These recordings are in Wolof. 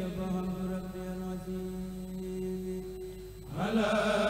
لك فحمد ربي العظيم على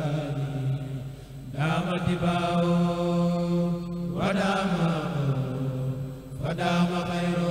ودام خير